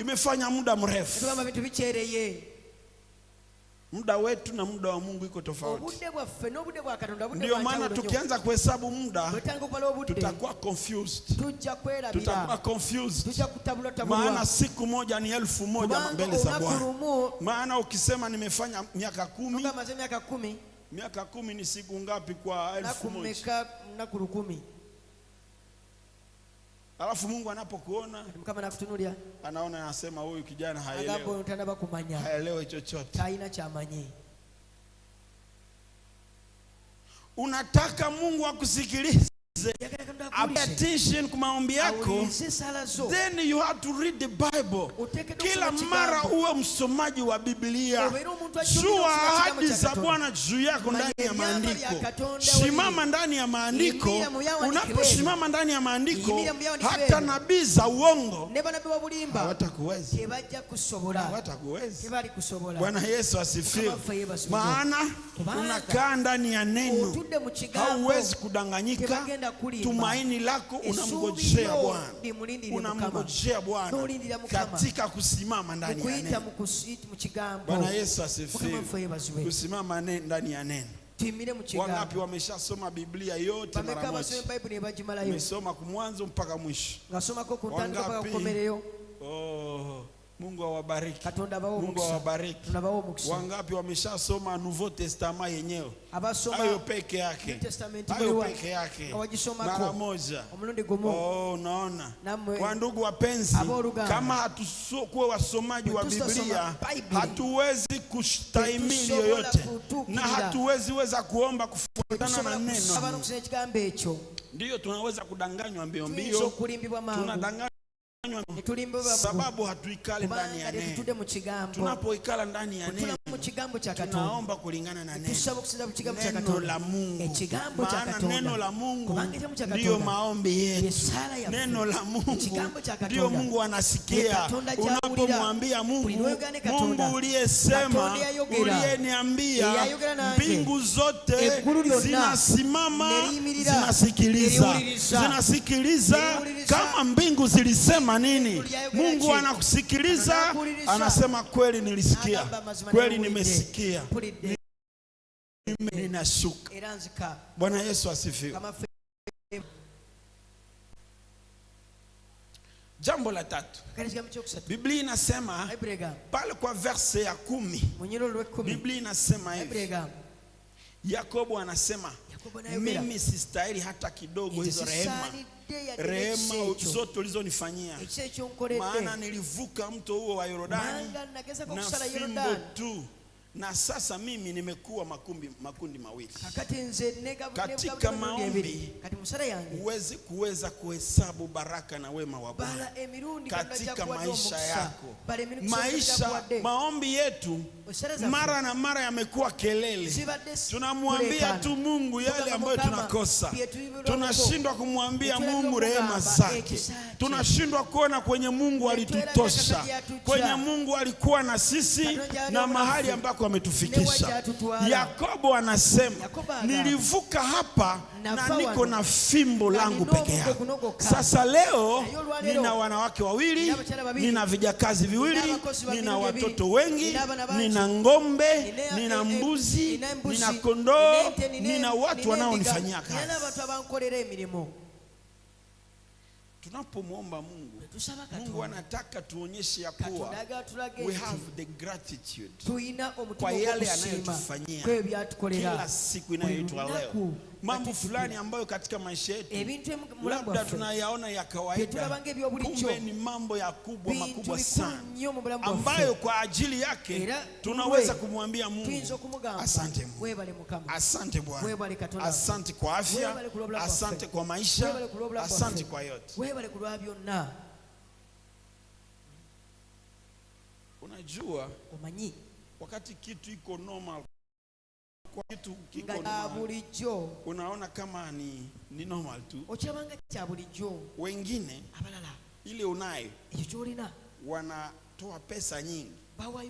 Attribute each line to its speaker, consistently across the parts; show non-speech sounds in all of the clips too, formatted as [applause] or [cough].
Speaker 1: imefanya muda mrefu nituba muda wetu na muda wa Mungu iko tofauti. Ndio maana tukianza kuhesabu muda tutakuwa confused, tutakuwa confused, maana siku moja ni elfu moja mbele za Bwana. Maana ukisema nimefanya miaka kumi, miaka kumi ni siku ngapi kwa elfu moja? Alafu Mungu anapokuona kama nakutunulia, anaona anasema huyu kijana haelewi. Agapo utanaba kumanya. Haelewi chochote. Haina cha manyi. Unataka Mungu akusikilize. Attention kwa maombi yako. Then you have to read the Bible. Kila mara uwe msomaji wa Biblia jua ahadi za Bwana juu yako ndani ya maandiko. Simama ndani ya maandiko. Unaposimama ndani ya maandiko, hata nabii za uongo hawatakuweza, hawatakuweza. Bwana Yesu asifiwe. Maana unakaa ndani ya neno, hauwezi kudanganyika. Tumaini lako unamgojea Bwana, unamgojea Bwana katika kusimama ndani ya neno. Bwana Yesu asifiwe asifiwe. Kusimama ndani ya neno Wangapi wameshasoma Biblia yote mara moja? Umesoma kumwanzo mpaka mwisho. Wangapi? Oh awabariki. Mungu awabariki. Wangapi wameshasoma Nouveau Testament yenyewe? Hayo peke yake. Hayo peke yake. Mara moja. Oh, naona. Kwa ndugu wapenzi, kama hatusokuwa wasomaji wa Biblia, hatuwezi kustahimili yoyote na hatuwezi weza kuomba kufuatana na neno. Ndiyo tunaweza kudanganywa mbio mbio. Tunadanganywa sababu hatuikali ndani ya neno. Tunapoikala ndani ya neno, tunaomba kulingana na neno la Mungu, eh, maana neno la Mungu ndiyo maombi yetu. Neno la Mungu ndiyo Mungu anasikia. Unapomwambia Mungu, Mungu uliyesema, uliyeniambia, mbingu zote zinasimama, zinasikiliza, zinasikiliza kama mbingu zilisema nini? Mungu anakusikiliza, anasema kweli nilisikia, kweli nimesikia, ninashuka. Bwana Yesu asifiwe. Jambo la tatu, Biblia inasema pale kwa verse ya kumi, Biblia inasema hivi, Yakobo anasema mimi sistahili hata kidogo hizo rehema, rehema zote ulizonifanyia, maana nilivuka mto huo wa Yordani na fimbo tu na sasa mimi nimekuwa makumbi, makundi mawili katika maombi. Huwezi kuweza kuhesabu baraka na wema wa Bwana eh, katika maisha yako, eh, maisha maombi yetu mara na mara yamekuwa kelele. Tunamwambia tu Mungu yale ambayo tunakosa, tunashindwa kumwambia Mungu rehema zake, tunashindwa kuona kwenye Mungu alitutosha, kwenye Mungu alikuwa na sisi na mahali ambako ametufikisha. Yakobo anasema nilivuka hapa na niko na fimbo langu peke yangu. Sasa leo nina wanawake wawili, nina vijakazi viwili, nina watoto wengi, nina nina ng'ombe, nina eh, eh, mbuzi, nina kondoo, nina watu wanaonifanyia kazi. Tunapomwomba Mungu Mungu anataka tuonyeshe ya kuwa we have the gratitude kwa yale anayotufanyia kila siku inayoitwa leo mambo fulani ambayo katika maisha yetu labda tunayaona ya kawaida, kumbe ni mambo ya kubwa makubwa sana ambayo kwa ajili yake tunaweza kumwambia Mungu asante. Mungu asante Bwana, asante kwa afya, asante kwa maisha, asante kwa yote. unajua umanyi wakati kitu iko normal kwa kitu kiko bulijjo unaona kama ni, ni normal tu ochabanga cha bulijo wengine abalala ile unayo ekyo kyolina wanatoa pesa nyingi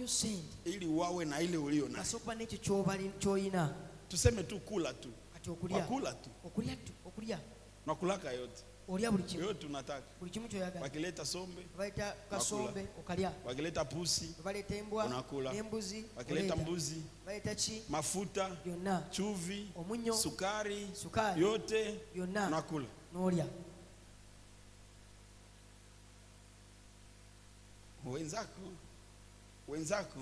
Speaker 1: you sente ili wawe na ile ulio na nayo nicho chobali choina tuseme tu kula tu kati okulya wakula tu okulya tu okulya nakulaka yote olya buli kimu tunataka buli kimu wakileta sombe kasombe wakileta pusi embwa unakula embuzi wakileta mbuzi mafuta chuvi omunyo sukari sukari yote byonna unakula wenzako wenzako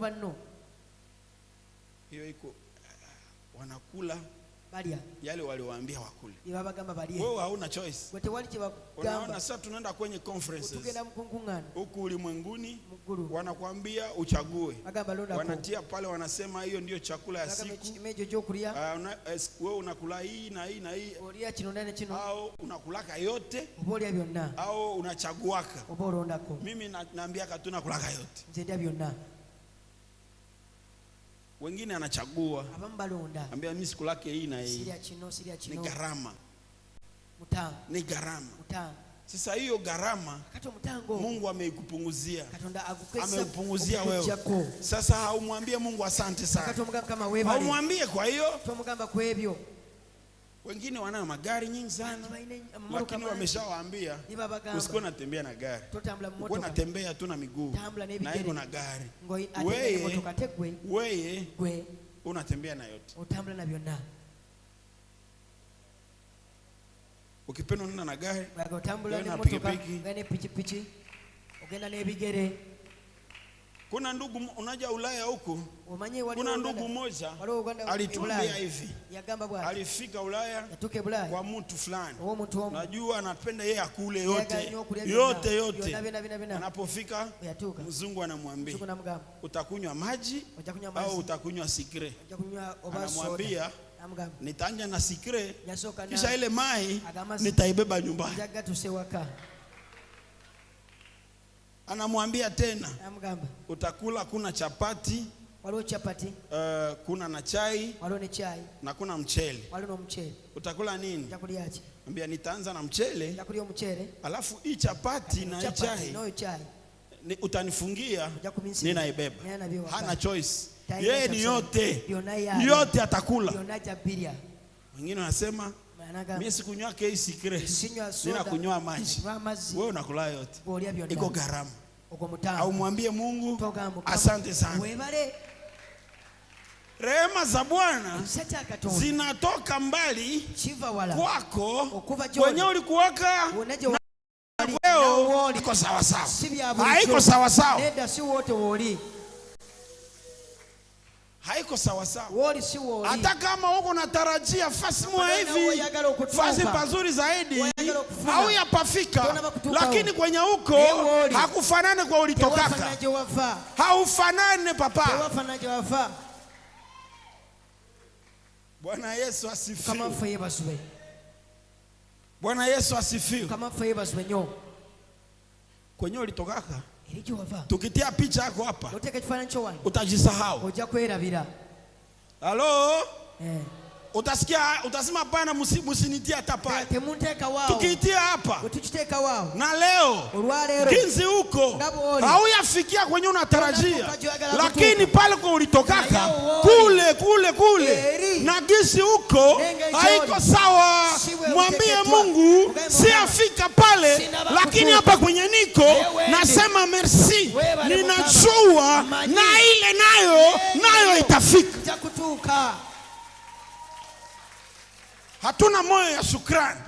Speaker 1: banno hiyo iko wanakula balya yale waliwaambia wakule. Ebabagamba balye. Wewe hauna choice. Gwe tewali kye Unaona sasa tunaenda kwenye conferences. Huku ulimwenguni wanakuambia uchague. Wanatia pale wanasema hiyo ndio chakula ya siku. Mejo jo kulia. Uh, ah, eh, wewe unakula hii na hii na hii. Au unakulaka yote. byonna. Au unachaguaka. Mimi naambia katuna kulaka yote. Nze wengine anachagua ambia mimi siku lake hii na hii ni gharama ni gharama sasa hiyo gharama Mungu ameikupunguzia, ameupunguzia wewe. Sasa haumwambie Mungu asante sana, haumwambie kwa hiyo wengine wana magari nyingi sana lakini wameshawaambia usikuwa natembea na gari uko natembea tu na miguu na iko na gari weye, unatembea na yote utambla na vyona ukipenda unena na gari utambula ne pikipiki ogenda n'ebigere kuna ndugu unaja Ulaya huku, kuna ndugu moja alitumbia hivi, alifika Ulaya kwa mtu fulani, najua anapenda yeye akule yote yote yote. Anapofika mzungu anamwambia utakunywa maji au utakunywa sikre? Anamwambia nitanja na sikre, kisha ile mai nitaibeba nyumbani anamwambia tena Amgamba. utakula kuna chapati waliwo chapati uh, eh, kuna na chai waliwo ni chai na kuna mchele waliwo na mchele utakula nini nitakuliaje ambia nitaanza na mchele utakulia mchele alafu hii chapati na hii chai no chai ni, utanifungia ninaibeba hana choice yeye ni yote yote atakula wengine wanasema mimi sikunywa kei sikre, nina kunywa maji, wewe unakula yote, iko gharama. Au mwambie Mungu asante sana. Rehema za Bwana zinatoka mbali kwako wenyewe ulikuwaka na kweo iko sawasawa, haiko sawasawa haiko sawasawa. Hata kama uko natarajia fasi mwa hivi fasi pazuri zaidi au yapafika, lakini kwenye uko hakufanane kwa ulitokaka, haufanane papa. Bwana Yesu asifiwe. Bwana Yesu asifiwe. Kwenye ulitokaka Tukitia picha yako hapa utajisahau. Halo? Eh. Utasikia utasema hapana, msinitia hata pale. tukitia hapa na leo kinzi huko hauyafikia kwenye unatarajia, lakini pale kwa ulitokaka kule kule kule na gisi huko haiko sawa mwambie Mungu siafika pale, lakini hapa kwenye niko nasema merci, ninajua na ile nayo nayo itafika. Hatuna moyo ya shukrani,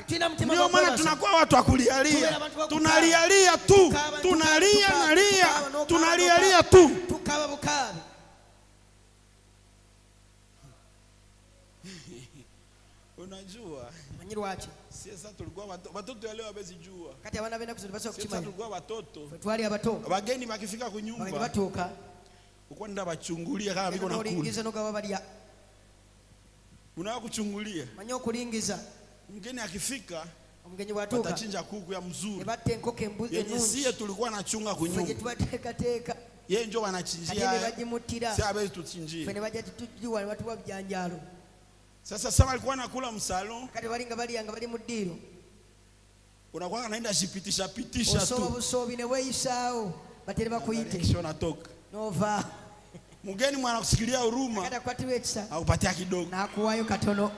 Speaker 1: ndio maana tunakuwa watu wa kulialia. Tunalialia tu, tunalia nalia, tunalialia tu. Unajua? Manyiri wache. Sasa tulikuwa watoto watoto ya leo wabezi jua. Kati abana benda kuzulibasa kuchimanya. Sasa tulikuwa watoto. Twali abato. Wageni makifika kunyumba. Wageni batoka. nda ndabachungulia kama biko nakula. Ulingiza noga ya Unawa kuchungulia. Manyo kulingiza. Mgeni akifika mgeni watoka. watachinja kuku ya mzuri. Ebate nkoke mbuzi enungi. Yenye tulikuwa nachunga kunyumba. Fenye tubateka teka. Yeye njo wanachinjia. Agende bajimutira. Sasa bezi tuchinjie. Fene baje tutujiwa watu wa bijanjalo. Sasa Sam alikuwa anakula msalo. Kati walinga bali baliyanga bali mu Unakuwa anaenda shipitisha pitisha tu. Osoma busobi ne weisao. batere bakuite Kisho natoka. Nova. Mgeni mwana kusikilia huruma. Kada kwati wetsa au patia kidogo. Na kuwayo katono.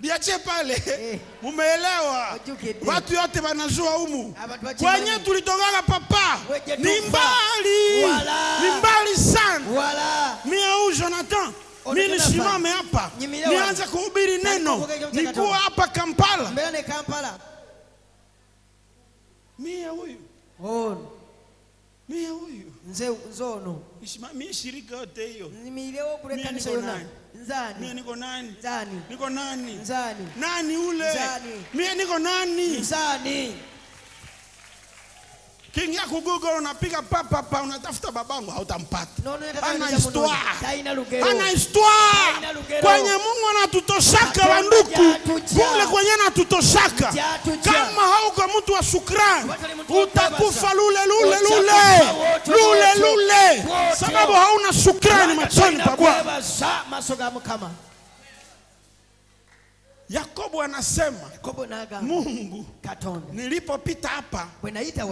Speaker 1: Liache pale. Eh. Mumeelewa. Watu yote wanajua humu. Kwenye tulitokaka papa. Ni mbali. Ni mbali sana. Wala mimi nisimame hapa nianze kuhubiri yaani neno nikuwa hapa Kampala mbele Kampala mia huyu ono mia huyu nze nzono mimi shirika yote hiyo nimeilewa kule kanisa Nzani. Mie niko nani? Nzani. Niko nani? Nzani. Nani ule? Nzani. Mie niko nani? Nzani. Kiingia ku Google unapiga pa pa unatafuta babangu hautampata. Ana histoire. Ana histoire. Kwenye Mungu anatutoshaka wanduku. Kule kwenye anatutoshaka. Kama hauko mtu wa shukrani utakufa lule lule lule. Lule lule. Sababu hauna shukrani machoni pa Bwana. Yakobo anasema Yakobo naga, Mungu Katonda, nilipopita hapa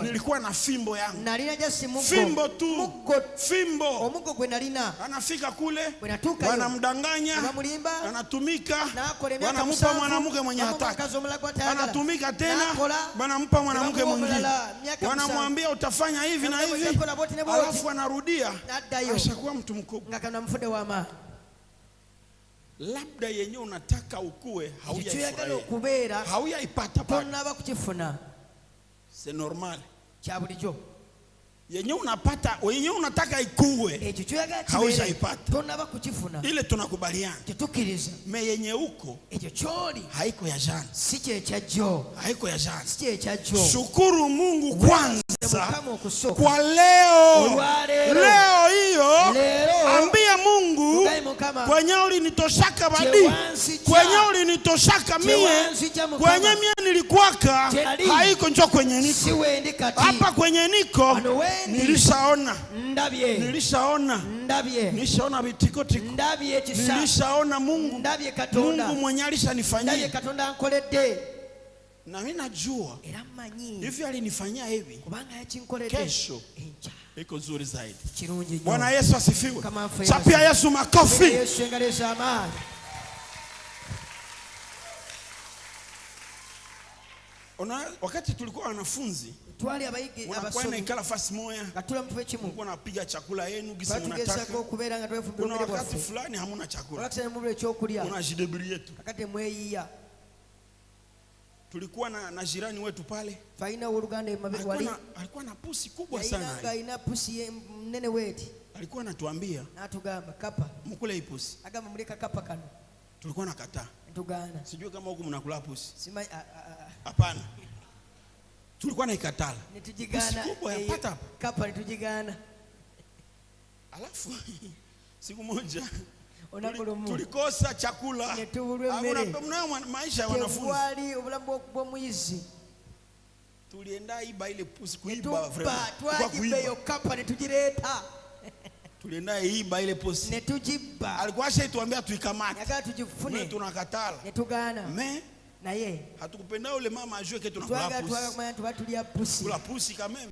Speaker 1: nilikuwa na fimbo yangu jasi Mungu fimbo tu Mungu fimbo omugo lina Anafika kule wanamdanganya, anatumika, wanampa mwanamke mwenye hataki, anatumika tena, wanampa mwanamke mwingine, wanamwambia utafanya hivi na hivi, alafu anarudia, ashakuwa mtu mkubwa. ngakana mfunde wa labda yenye unataka ukue hauyaipata tonaba kukifuna se normal kya bulijjo yenye unapata yenye unataka ikuwe eh, haushaipata ile tunakubaliana me yenye uko eh, haiko ya jana haiko ya jana shukuru mungu kwanza kwa leo leo hiyo ambia mungu kwenye ulinitoshaka badi kwenye ulinitoshaka mie kwenye mie nilikwaka haiko njo kwenye niko hapa kwenye niko nilishaona ndabye, nilishaona ndabye, nilishaona bitikotiko ndabye, kisa nilishaona Mungu ndabye, katonda Mungu mwenye alishanifanyia ndabye, katonda ankoledde nami najua era mmanyi hivyo alinifanyia hivi kubanga yakinkoledde kesho iko zuri zaidi. Bwana Yesu asifiwe. Chapia Yesu makofi. Yesu engaleza amani. Ona wakati tulikuwa wanafunzi twali abayigi abasomi kwa ikala fast moya katula mtu vechimu kuna piga chakula yenu gisi mnataka ko kubera nga twefu kuna wakati fulani hamuna chakula wakati ni mubule kulia kuna jidebiri yetu wakati ya tulikuwa na, na jirani wetu pale faina uruganda mabe wali alikuwa na pusi kubwa sana ya ina pusi mnene weti alikuwa anatuambia na tugamba kapa mkule hii pusi agamba mleka kapa kanu tulikuwa nakataa tugana sijui kama huko mnakula pusi sima a, a, a, Hapana. Tulikuwa na ikatala. Nitujigana. Kubwa yapata hapa. Kapa nitujigana. Alafu [laughs] siku moja [laughs] tulikosa chakula. Mnayo maisha ya wanafunzi. Wali obulamu bwo mwizi. Tulienda iba ile pusi kuiba vrema. Twajibe yo kapa nitujireta. [laughs] Tulienda iba ile pusi. Nitujiba. Alikuwa ashaituambia tuikamate. Nataka tujifune. Tunakatala. Nitugana. Me naye hatukupenda ule mama ajue ke tunakula pusi, tuba pusi kula pusi kameme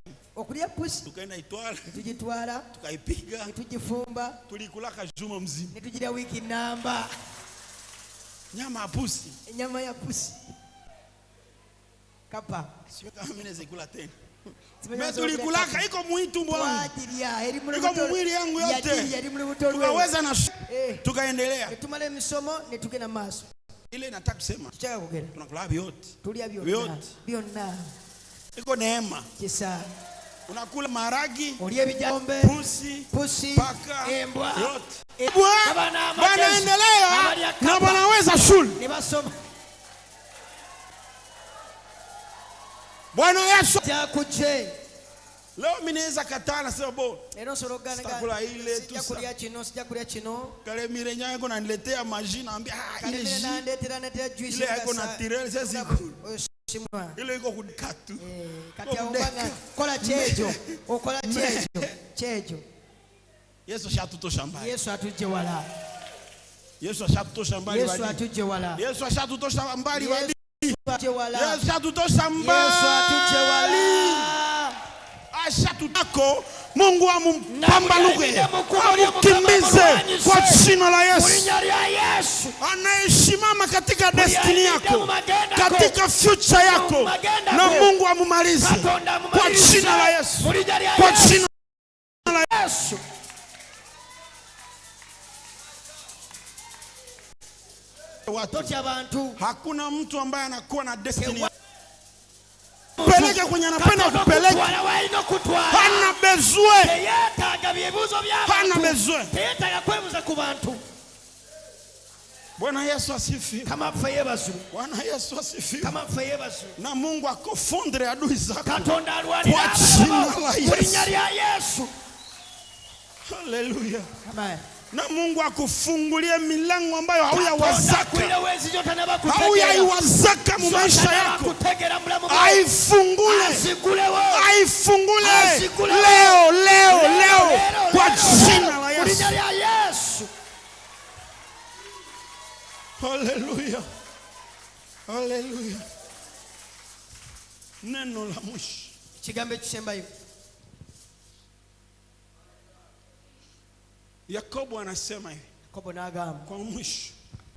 Speaker 1: pusi tukaenda itwala nitujitwala tukaipiga nitujifumba tulikulaka juma mzima nitujira wiki namba nyama ya pusi nyama ya pusi kapa sio kama mimi nazikula tena metulikulaka iko mwitu iko mumwili yangu yote tukaweza na eh. tukaendelea tumale misomo netuge na maso ile nataka kusema kichaka kogera, tunakula vyote, tulia vyote vyona, iko neema kisa unakula maragi, ulie vijombe, pusi, pusi, paka, embwa, yote e- banaendelea na banaweza shule. Nibasoma Bwana Yesu akuje leo mi naweza kataa nasema bo lero sorogana sitakula ile tu sijakulia kino sijakulia chino kale mire nyango naniletea maji naambia ah ile jus naletea naletea juice ile yako na naturel sasa simwa ile iko kunikatu eh kati ya ungana kola [laughs] chejo oh, kola chejo chejo Yesu shatutosha mbali Yesu atuje wala Yesu ashatutosha mbali Yesu atuje wala Yesu ashatutosha mbali wali Yesu atuje wala Yesu atutosha mbali Yesu atuje wala ashatu tako Mungu amumpambanuke amukimbize kwa jina la Yesu. Anayesimama katika destiny yako, katika future yako, na Mungu amumalize kwa jina la Yesu, kwa jina la Yesu. Watu, hakuna mtu ambaye anakuwa na destiny atupeleke kwenye anapenda atupeleke, hana bezwe hana bezwe. Bwana Yesu asifi. Kama mfa basu. Bwana Yesu asifi. Kama mfa basu. Na Mungu akofundre adui zako. Katonda alwali. Kwa jina la Yesu. Hallelujah. Amen na Mungu akufungulie milango ambayo hauyawazaka hauyaiwazaka mu maisha yako, aifungule aifungule leo leo leo kwa jina la Yesu. Haleluya, haleluya. Neno la mwisho, kigambo kisembayo Yakobo anasema hivi kwa mwisho